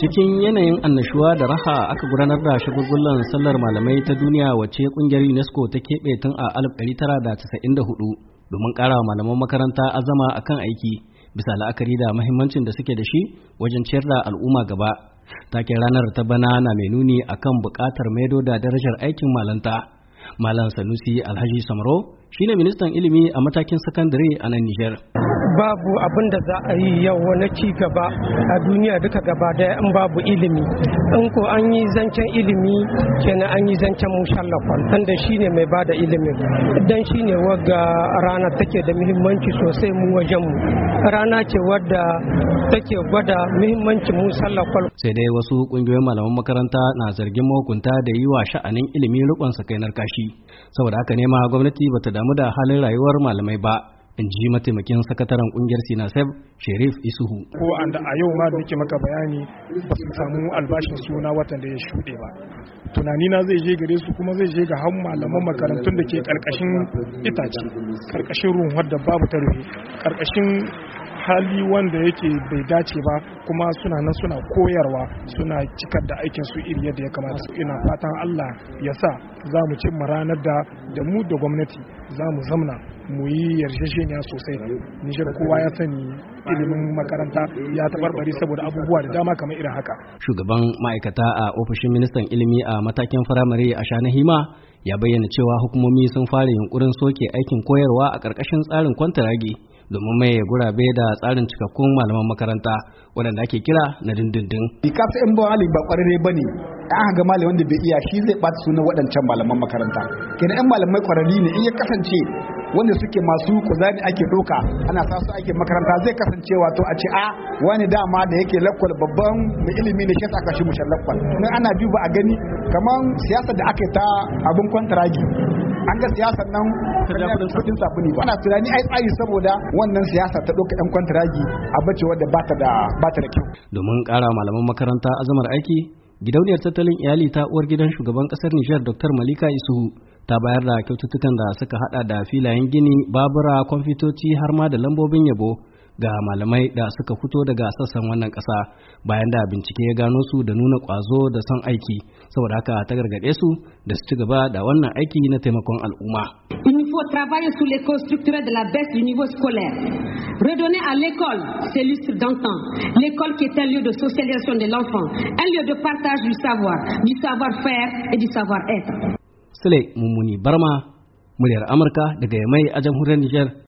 cikin yanayin annashuwa da raha aka gudanar da shagulgullan sallar malamai ta duniya wacce kungiyar unesco ta keɓe tun a 1994 domin ƙara malaman makaranta azama akan aiki bisa la'akari da mahimmancin da suke da shi wajen ciyar da al'umma gaba taken ranar ta bana na mai nuni akan buƙatar maido da darajar aikin malanta Malam Sanusi Alhaji Samaro shine ministan ilimi a matakin sakandare a nan Nijar. Babu abin da za a yi yau wani ci gaba a duniya duka gaba daya in babu ilimi. In ko an yi zancen ilimi kenan an yi zancen mushallafan tunda shine mai bada ilimi Dan shine wanda rana take da muhimmanci sosai mu wajen mu. Rana ce wadda take gwada muhimmancin mu sallar kwal. Sai dai wasu kungiyoyin malaman makaranta na zargin mahukunta da yi wa sha'anin ilimi rikon sakainar kashi. Saboda haka nema ma gwamnati ta damu da halin rayuwar malamai ba. in ji mataimakin sakataren kungiyar sinasef sherif isuhu ko da a yau ma da nake maka bayani ba su samu albashin suna watan da ya shuɗe ba tunani na zai je gare su kuma zai je ga han malaman makarantun da ke karkashin itace karkashin ruhun wadda babu ta rufe karkashin hali wanda yake bai dace ba kuma suna nan suna koyarwa suna cikar da aikin su iri yadda ya kamata su ina fatan Allah ya sa za mu cimma ranar da da mu da gwamnati za mu zamna mu yi yarjejeniya sosai nishir kowa ya sani ilimin makaranta ya tabarbare saboda abubuwa da dama kamar irin haka shugaban ma'aikata a ofishin ministan ilimi a matakin firamare a shanahima ya bayyana cewa hukumomi sun fara yunkurin soke aikin koyarwa a ƙarƙashin tsarin kwantaragi domin mai gurabe da tsarin cikakkun malaman makaranta waɗanda ake kira na dindindin. Bikasa 'yan ba Ali ba ƙwararre ba ne an ga malamin wanda bai iya shi zai ɓata sunan waɗancan malaman makaranta. Kenan 'yan malamai ƙwararri ne in ya kasance wanda suke masu kuzari ake doka ana sa su ake makaranta zai kasance wato a ce a ah, wani dama da yake lakwal babban mai ilimi ne shi aka shi mushallakwal. lakwal. ana duba a gani kamar siyasa da aka ta abin kwantaragi an ga siyasar nan kudin sabuni ba ana tunani ai tsayi saboda wannan siyasa ta ɗauka yan kwantaragi a bace wadda ba da ba da kyau domin kara malaman makaranta azumar aiki gidauniyar tattalin iyali ta uwar gidan shugaban kasar Nijar Dr Malika Isuhu ta bayar da kyaututtukan da suka hada da filayen gini babura kwamfitoci har ma da lambobin yabo ga malamai da suka fito daga sassan wannan ƙasa bayan da bincike ya gano su da nuna ƙwazo da son aiki saboda haka ta gargaɗe su da su ci gaba da wannan aiki na taimakon al'umma. Il nous faut sur les de la baisse du niveau scolaire. Redonner à l'école ses lustres d'antan. L'école qui est un lieu de socialisation de l'enfant, un lieu de partage du savoir, du savoir-faire et du savoir-être. Sule Mummuni Barma, muryar Amurka daga Yamai a jamhuriyar Nijar.